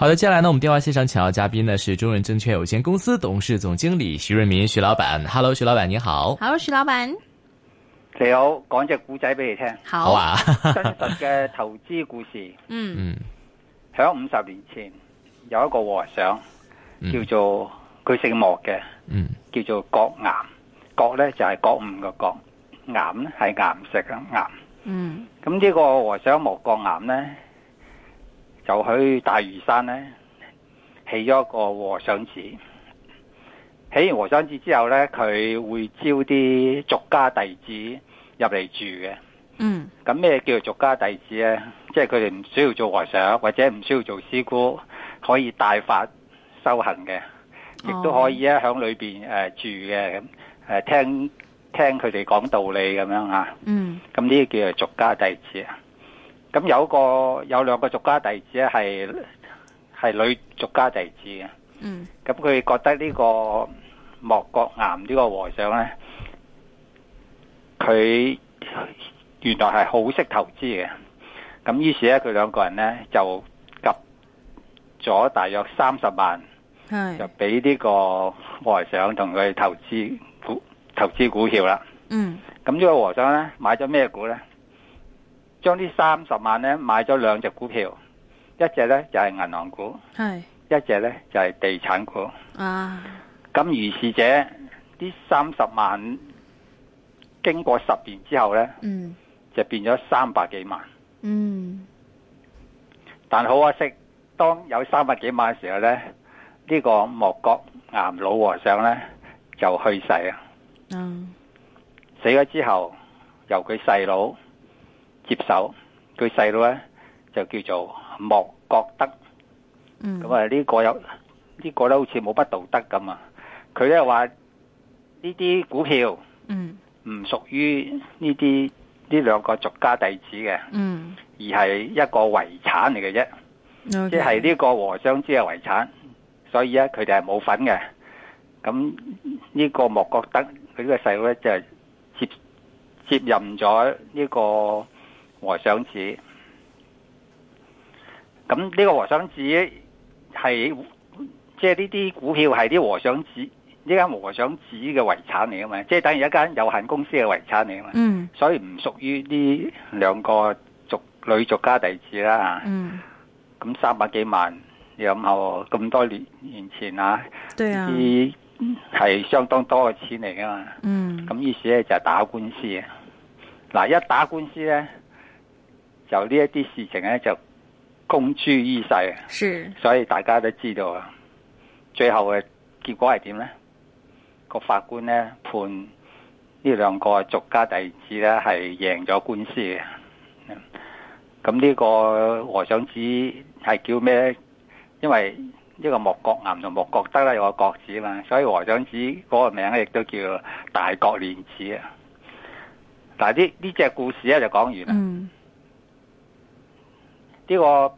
好的，接下來呢，我們電話線上請到嘅嘉賓呢是中潤證券有限公司董事總經理徐潤民，徐老闆。Hello，徐老闆，你好。Hello，徐老闆。你好，講隻古仔俾你聽，好，好啊， 真實嘅投資故事。嗯嗯。響五十年前，有一個和尚，叫做佢姓莫嘅，嗯，mm. 叫做郭岩，郭咧就係、是、郭五嘅郭，岩咧係岩石啊岩。嗯。咁呢、mm. 個和尚莫郭岩咧。就喺大嶼山咧，起咗個和尚寺。起完和尚寺之後咧，佢會招啲俗家弟子入嚟住嘅。嗯。咁咩叫做俗家弟子咧？即係佢哋唔需要做和尚，或者唔需要做師姑，可以大法修行嘅，亦都可以咧響裏邊誒住嘅，咁誒、哦、聽聽佢哋講道理咁樣啊。嗯。咁呢啲叫做俗家弟子啊。咁有個有兩個有兩個俗家弟子係係女俗家弟子嘅，咁佢、嗯、覺得呢個莫國岩呢個和尚咧，佢原來係好識投資嘅，咁於是咧佢兩個人咧就夾咗大約三十萬，是就俾呢個和尚同佢投資股投資股票啦。嗯，咁呢個和尚咧買咗咩股咧？將呢三十萬咧買咗兩隻股票，一隻咧就係銀行股，係，一隻咧就係地產股。啊！咁如是者，呢三十萬經過十年之後咧，嗯，就變咗三百幾萬。嗯。但好可惜，當有三百幾萬嘅時候咧，呢個莫國岩老和尚咧就去世啊。嗯。死咗之後，由佢細佬。接手，佢細佬咧就叫做莫國德，咁啊呢個有呢個咧好似冇乜道德咁啊！佢咧話呢啲股票，唔屬於呢啲呢兩個俗家弟子嘅，而係一個遺產嚟嘅啫，即係呢個和尚之嘅遺產，所以咧佢哋係冇份嘅。咁呢個莫國德佢呢個細佬咧就係接接任咗呢個。和尚寺，咁呢個和尚寺係即係呢啲股票係啲和尚寺呢間和尚寺嘅遺產嚟啊嘛，即係等於一間有限公司嘅遺產嚟啊嘛，嗯、所以唔屬於呢兩個族女族家弟子啦。嗯，咁三百幾萬你諗下咁多年年前啊？對啊，啲係相當多嘅錢嚟噶嘛。嗯，咁於是咧就係打官司，嗱一打官司咧。就呢一啲事情咧，就公諸於世是，所以大家都知道。最後嘅結果係點呢？個法官呢判呢兩個俗家弟子咧係贏咗官司嘅。咁呢個和尚子係叫咩？因為呢個莫國岩同莫國德咧有個國字嘛，所以和尚子嗰個名咧亦都叫大國連子啊。但係呢呢隻故事咧就講完啦，嗯。呢個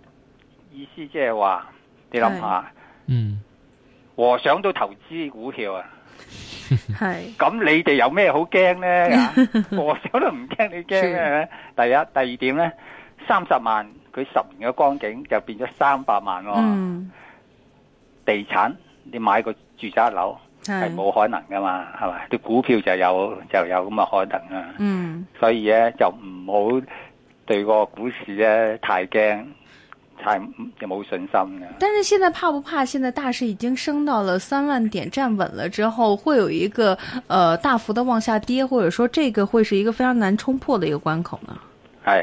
意思即係話，你諗下，嗯，和尚都投資股票啊，係。咁你哋有咩好驚咧？啊，和尚都唔驚你驚咩。第一、第二點咧，三十萬佢十年嘅光景就變咗三百萬咯。嗯。地產你買個住宅樓係冇可能噶嘛，係嘛？啲股票就有就有咁嘅可能啊。嗯。所以咧就唔好，對個股市呢太驚，太又冇信心嘅。但是現在怕不怕？現在大市已經升到了三萬點站穩了之後，會有一個呃大幅的往下跌，或者說這個會是一個非常難衝破的一個關口呢？係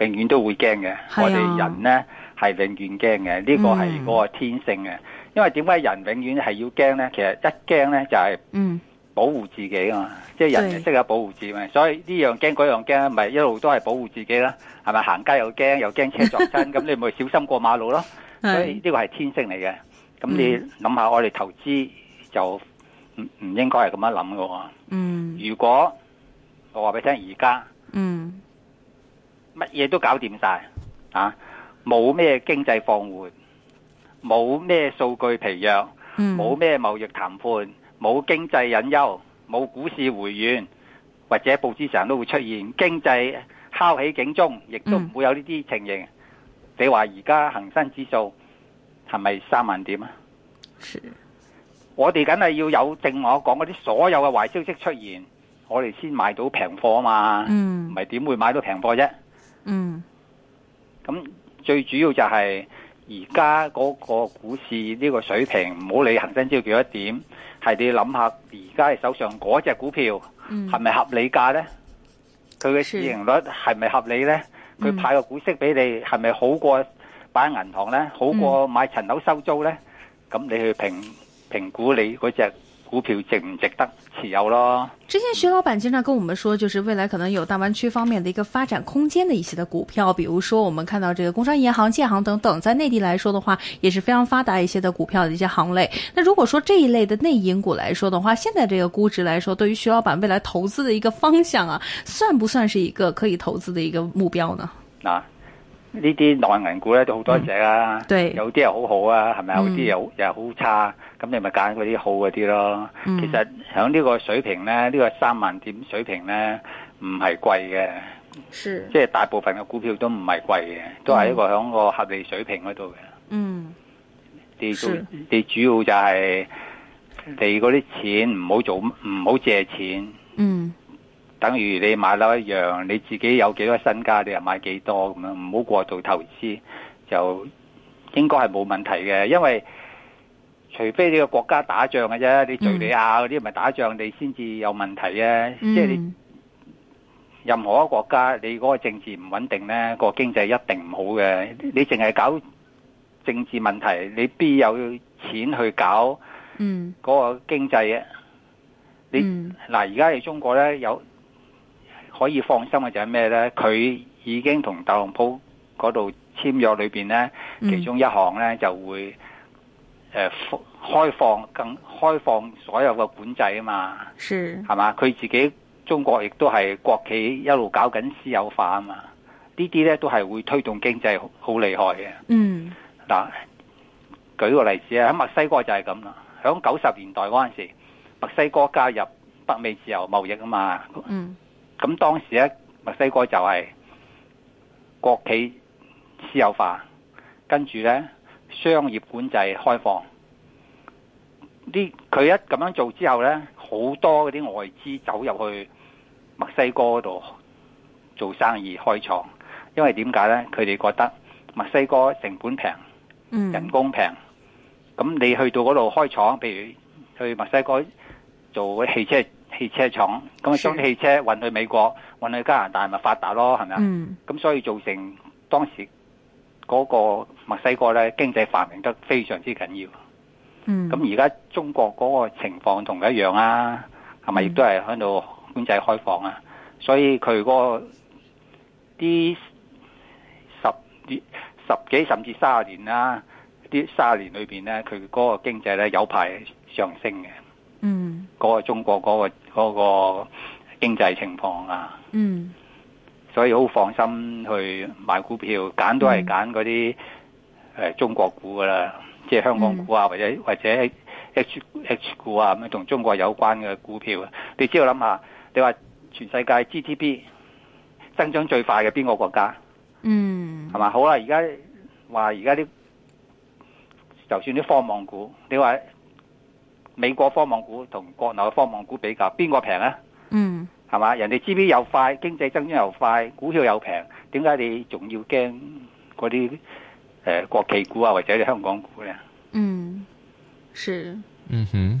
永遠都會驚嘅，呀我哋人呢，係永遠驚嘅，呢、這個係個天性嘅。嗯、因為點解人永遠係要驚呢？其實一驚呢，就係、是、嗯。保護自己啊！即係人哋識有保護自己，嘛。對 所以呢樣驚嗰樣驚，咪一路都係保護自己啦、啊。係咪行街又驚，又驚車撞親，咁 你咪小心過馬路咯。是 所以呢個係天性嚟嘅。咁你諗下，我哋投資就唔唔應該係咁樣諗嘅喎。嗯，如果我話俾你聽，而家嗯乜嘢都搞掂晒啊，冇咩經濟放緩，冇咩數據疲弱，冇咩貿易談判。冇經濟隱憂，冇股市回軟，或者報紙上都會出現經濟敲起警鐘，亦都唔會有呢啲情形。嗯、你話而家恒生指數係咪三萬點啊？的我哋梗係要有正我講嗰啲所有嘅壞消息出現，我哋先買到平貨啊嘛。嗯。唔係點會買到平貨啫？嗯。咁最主要就係、是。而家嗰個股市呢個水平，唔好理恒生朝幾多點，係你諗下，而家你手上嗰隻股票係咪合理價呢？佢嘅市盈率係咪合理呢？佢派個股息俾你係咪好過擺喺銀行呢？好過買層樓收租呢？咁你去評評估你嗰隻。股票值唔值得持有咯？之前徐老闆經常跟我們說，就是未來可能有大灣區方面的一個發展空間的一些的股票，比如說我們看到這個工商銀行、建行等等，在內地來說的話，也是非常發達一些的股票的一些行類。那如果說這一類的內銀股來說的話，現在這個估值來說，對於徐老闆未來投資的一個方向啊，算不算是一個可以投資的一個目標呢？嗱、嗯，呢啲內銀股咧都好多隻啊，有啲又好好啊，係咪啊？有啲又又好差。咁你咪揀嗰啲好嗰啲咯。嗯、其實喺呢個水平咧，呢、呢個三萬點水平咧，唔係貴嘅。是。即係大部分嘅股票都唔係貴嘅，嗯、都係一個喺個合理水平嗰度嘅。嗯。你主做是你主要就係你嗰啲錢唔好做，唔好借錢。嗯。等於你買樓一樣，你自己有幾多身家，你又買幾多咁樣，唔好過度投資，就應該係冇問題嘅，因為。除非你個國家打仗嘅啫，你敍利亞嗰啲唔係打仗，你先至有問題啊！即係你任何一個國家，你嗰個政治唔穩定咧，個經濟一定唔好嘅。你淨係搞政治問題，你邊有錢去搞嗰個經濟啊？你嗱而家嘅中國咧，有可以放心嘅就係咩咧？佢已經同特朗普嗰度簽約裏邊咧，其中一項咧就會誒。開放更開放所有嘅管制啊嘛，係嘛是？佢自己中國亦都係國企一路搞緊私有化啊嘛，這些呢啲咧都係會推動經濟好厲害嘅。嗯，嗱、啊，舉個例子啊，喺墨西哥就係咁啦。響九十年代嗰陣時候，墨西哥加入北美自由貿易啊嘛，咁、嗯、當時咧墨西哥就係國企私有化，跟住咧商業管制開放。啲佢一咁樣做之後呢，好多嗰啲外資走入去墨西哥嗰度做生意開廠，因為點解呢？佢哋覺得墨西哥成本平，mm. 人工平，咁你去到嗰度開廠，譬如去墨西哥做汽車汽車廠，咁將汽車運去美國，運去加拿大咪發達咯，係咪啊？咁、mm. 所以造成當時嗰個墨西哥呢經濟繁榮得非常之緊要。咁而家中國嗰個情況同佢一樣啊，係咪亦都係喺度經濟開放呀、啊？所以佢嗰啲十幾甚至卅年啦、啊，啲卅年裏面呢，佢嗰個經濟呢有排上升嘅。嗰、嗯、個中國嗰、嗰個嗰個經濟情況呀、啊。嗯、所以好放心去買股票，揀都係揀嗰啲中國股㗎啦。即係香港股啊，或者或者 H H 股啊，咁樣同中國有關嘅股票啊。你只要諗下，你話全世界 GDP 增長最快嘅邊個國家？嗯，係嘛？好啦、啊，而家話而家啲就算啲科網股，你話美國科網股同國內嘅科網股比較，邊個平啊？嗯，係嘛？人哋 GDP 又快，經濟增長又快，股票又平，點解你仲要驚嗰啲？誒，國企股啊，或者香港股咧。嗯，是。嗯哼。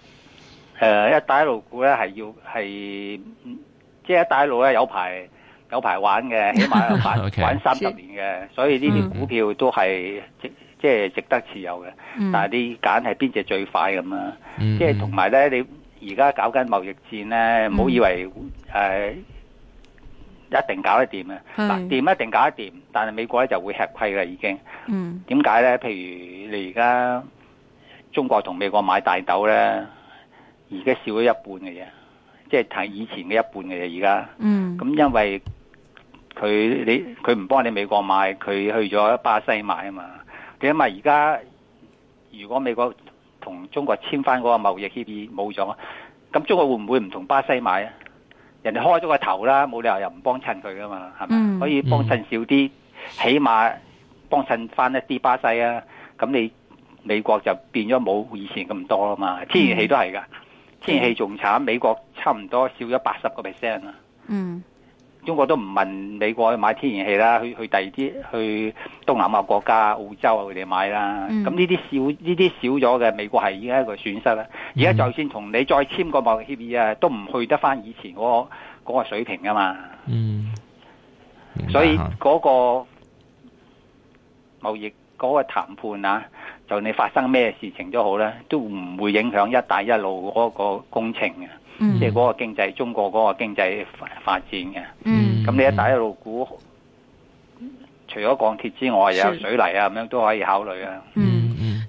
誒一帶一路股咧係要係，即係一帶一路咧有排有排玩嘅，起碼玩玩三十年嘅，所以呢啲股票都係即即係值得持有嘅。但係你揀係邊隻最快咁啊？即係同埋咧，你而家搞緊貿易戰咧，唔好以為誒一定搞得掂啊！嗱，掂一定搞得掂，但係美國咧就會吃虧啦，已經。點解咧？譬如你而家中國同美國買大豆咧？而家少咗一半嘅啫，即係睇以前嘅一半嘅啫。而家，嗯，咁因為佢你佢唔幫你美國買，佢去咗巴西買啊嘛。點解咪而家如果美國同中國簽翻嗰個貿易協議冇咗，咁中國會唔會唔同巴西買啊？人哋開咗個頭啦，冇理由又唔幫襯佢噶嘛，係咪？嗯、可以幫襯少啲，嗯、起碼幫襯翻一啲巴西啊。咁你美國就變咗冇以前咁多啦嘛。天然氣都係㗎。嗯天然氣仲慘，美國差唔多少咗八十個 percent 啦。嗯，中國都唔問美國去買天然氣啦，去去第二啲去東南亞國家、澳洲啊佢哋買啦。咁呢啲少呢啲少咗嘅美國係依家一個損失啦。而家就算同你再簽個貿易協議啊，都唔去得翻以前嗰個嗰個水平㗎嘛。嗯，所以嗰個貿易嗰個談判啊。就你發生咩事情都好咧，都唔會影響一帶一路嗰個工程嘅，即係嗰個經濟，中國嗰個經濟發展嘅。咁、mm. 你一帶一路股，除咗鋼鐵之外，又有水泥啊，咁樣都可以考慮啊。Mm.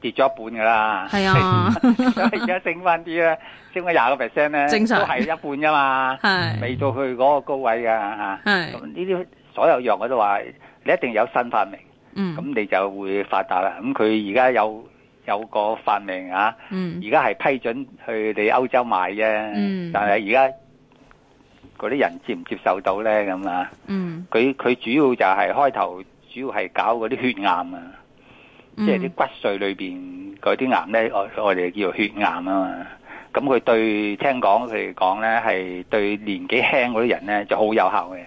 跌咗一半噶啦，係啊，所以而家升翻啲咧，升翻廿個 percent 咧，呢正常都係一半噶嘛，係是未到去嗰個高位噶、啊、吓，係咁呢啲所有藥我都話，你一定有新發明，嗯，咁你就會發達啦。咁佢而家有有個發明啊，嗯，而家係批准去你歐洲賣啫，嗯，但係而家嗰啲人接唔接受到咧咁啊，嗯，佢佢主要就係開頭主要係搞嗰啲血癌啊。即係啲骨髓裏邊嗰啲癌咧，我我哋叫做血癌啊嘛。咁佢對聽講佢哋講咧係對年紀輕嗰啲人咧就好有效嘅，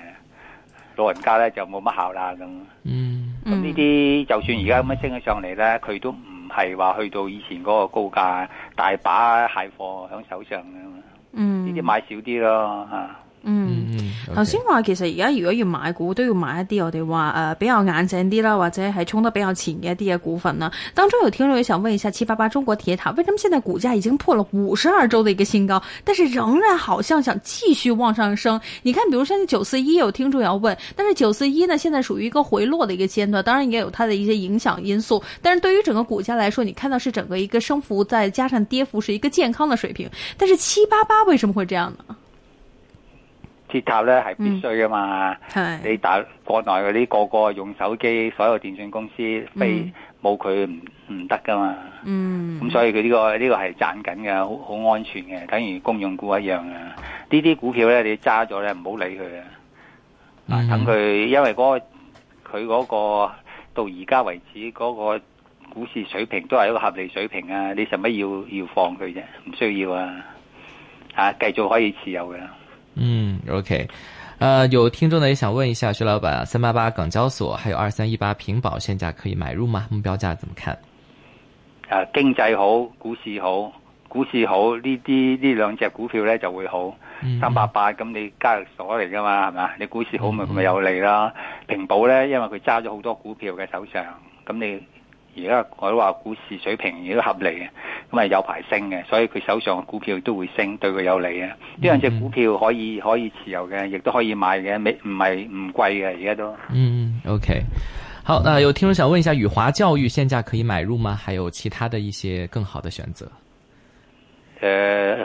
老人家咧就冇乜效啦。咁嗯，咁呢啲就算而家咁樣升咗上嚟咧，佢都唔係話去到以前嗰個高價，大把蟹貨喺手上嘅嘛。嗯，呢啲買少啲咯嚇。嗯。頭先話其實而家如果要買股都要買一啲我哋話誒比較硬淨啲啦，或者係衝得比較前嘅一啲嘅股份呢當中有聽眾也想問一下七八八中國鐵塔，為什麼現在股價已經破了五十二周的一個新高，但是仍然好像想繼續往上升？你看，比如像九四一，有聽眾要問，但是九四一呢，現在屬於一個回落的一個階段，當然也有它的一些影響因素。但是對於整個股價來說，你看到是整個一個升幅，再加上跌幅是一個健康的水平。但是七八八為什麼會這樣呢？鐵塔咧係必須噶嘛，嗯、你打國內嗰啲個個用手機，所有電信公司非冇佢唔唔得噶嘛。咁、嗯、所以佢呢、呢個呢、呢個係賺緊嘅，好好安全嘅，等於公用股一樣啊。呢啲股票咧，你揸咗咧唔好理佢啊。等佢，的因為嗰、嗰個佢嗰、嗰個到而家為止嗰、嗰個股市水平都係一個合理水平啊。你使乜要要放佢啫？唔需要啊。吓、啊，繼續可以持有嘅。嗯，OK，啊、呃，有聽眾呢，也想問一下薛老闆，三八八港交所，還有二三一八平保現價可以買入嗎？目標價怎麼看？啊，經濟好，股市好，股市好呢啲呢兩隻股票呢就會好。三八八咁你交易所嚟噶嘛，係嘛？你股市好咪咪有利啦？嗯嗯平保呢，因為佢揸咗好多股票嘅手上，咁你。而家我都話股市水平亦都合理嘅，咁啊有排升嘅，所以佢手上嘅股票都會升，對佢有利啊。呢兩隻股票可以可以持有嘅，亦都可以買嘅，唔係唔貴嘅，而家都嗯嗯 OK。好，嗱、呃、有聽眾想問一下，宇華教育現價可以買入嗎？還有其他的一些更好的選擇？誒、呃，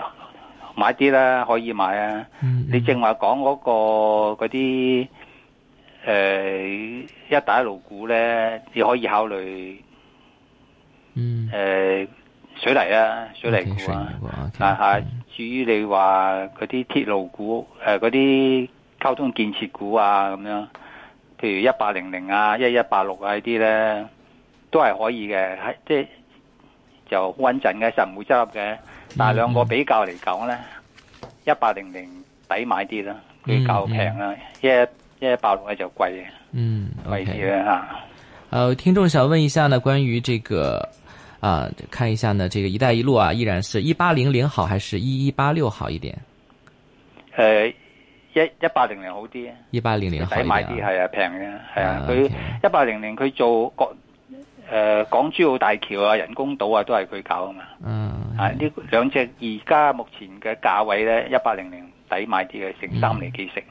買啲啦，可以買啊。你正話講嗰個嗰啲誒一帶一路股咧，只可以考慮。嗯，誒、呃，水泥啊，水泥股啊，okay, 但係，至於你話嗰啲鐵路股，誒嗰啲交通建設股啊，咁樣，譬如一八零零啊，一一八六啊呢啲咧，都係可以嘅，係即係就好穩陣嘅，就唔會執笠嘅。嗯、但係兩個比較嚟講咧，一八零零抵買啲啦，嗯、比較平啊，一一一八六咧就貴嘅嗯，OK 啊，好，聽眾想問一下呢，關於這個。啊，看一下呢，這個一帶一路啊，依然是一八零零好，還、呃、是一一八六好一點？誒、啊，一一八零零好啲，一八零零抵買啲，係啊，平嘅，係啊，佢一八零零佢做港誒港珠澳大橋啊、人工島啊，都係佢搞啊嘛，嗯，啊呢兩隻而家目前嘅價位咧，一八零零抵買啲係成三厘幾成。嗯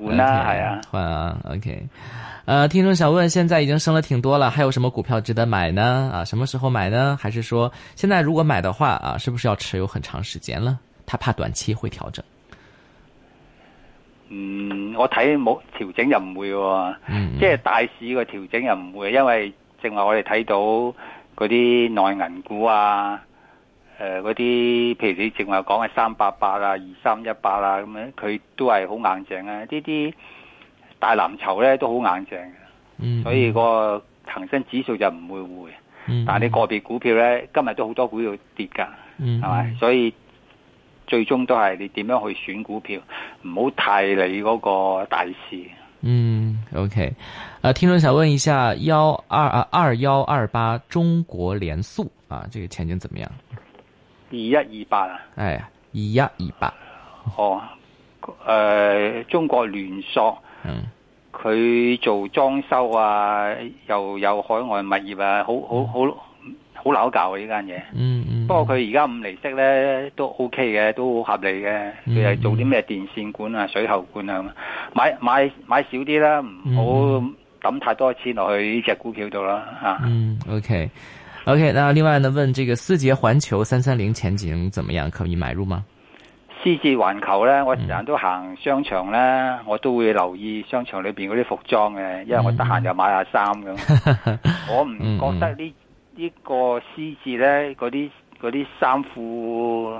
無奈呀，換啊，OK，誒，聽眾想問，現在已經升了挺多了，還有什麼股票值得買呢？啊，什麼時候買呢？還是說，現在如果買的話，啊，是不是要持有很長時間了？他怕短期會調整。嗯，我睇冇調整又唔會，即係、嗯、大市個調整又唔會，因為正話我哋睇到嗰啲內銀股啊。誒嗰啲，譬如你正話講嘅三八八啊、二三一八啊，咁樣佢都係好硬淨啊。呢啲大藍籌咧都好硬淨，嗯，所以個恒生指數就唔會回。嗯、但係你個別股票咧今日都好多股票跌㗎，嗯，係咪？所以最終都係你點樣去選股票，唔好太理嗰個大市。嗯，OK。啊、呃，聽眾想問一下，幺二啊二幺二八中國聯塑啊，這個前景怎麼樣？二一二八啊，係、哎、二一二八，哦，誒、呃，中國聯塑，嗯，佢做裝修啊，又有海外物業啊，好好、嗯、好好撈教嘅呢間嘢，嗯嗯，不過佢而家五厘息咧都 OK 嘅，都好合理嘅，佢係做啲咩電線管啊、水喉管啊，買買買少啲啦，唔好抌太多錢落去呢隻股票度啦、啊，吓、嗯，嗯，OK。O.K.，那另外呢？問這個思捷環球三三零前景怎麼樣？可以買入嗎？思捷環球呢？我成日都行商場呢、嗯、我都會留意商場裏邊嗰啲服裝嘅，因為我得閒就買下衫咁。嗯、我唔覺得呢呢、嗯、個思捷呢，嗰啲啲衫褲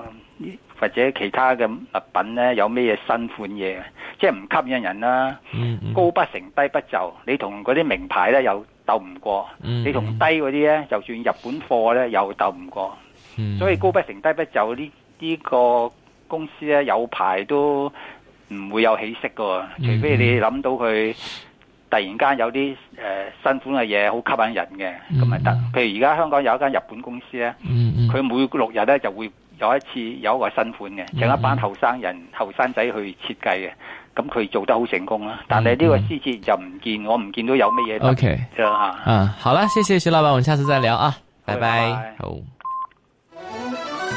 或者其他嘅物品呢，有咩嘢新款嘢？即係唔吸引人啦、啊。嗯嗯、高不成低不就，你同嗰啲名牌呢，有鬥唔過，你同低嗰啲呢，就算日本貨呢，又鬥唔過，所以高不成低不就呢呢、呢個公司呢，有排都唔會有起色嘅，除非你諗到佢突然間有啲誒、呃、新款嘅嘢好吸引人嘅，咁咪得。譬如而家香港有一間日本公司呢，佢、嗯嗯、每六日呢，就會有一次有一個新款嘅，請、嗯嗯、一班後生人、後生仔去設計嘅。咁佢做得好成功啦、啊，但係呢個獅子就唔見，嗯嗯我唔見到有乜嘢。O K，啊，okay, 嗯、好啦，謝謝徐老闆，我們下次再聊啊，okay, 拜拜，拜拜好。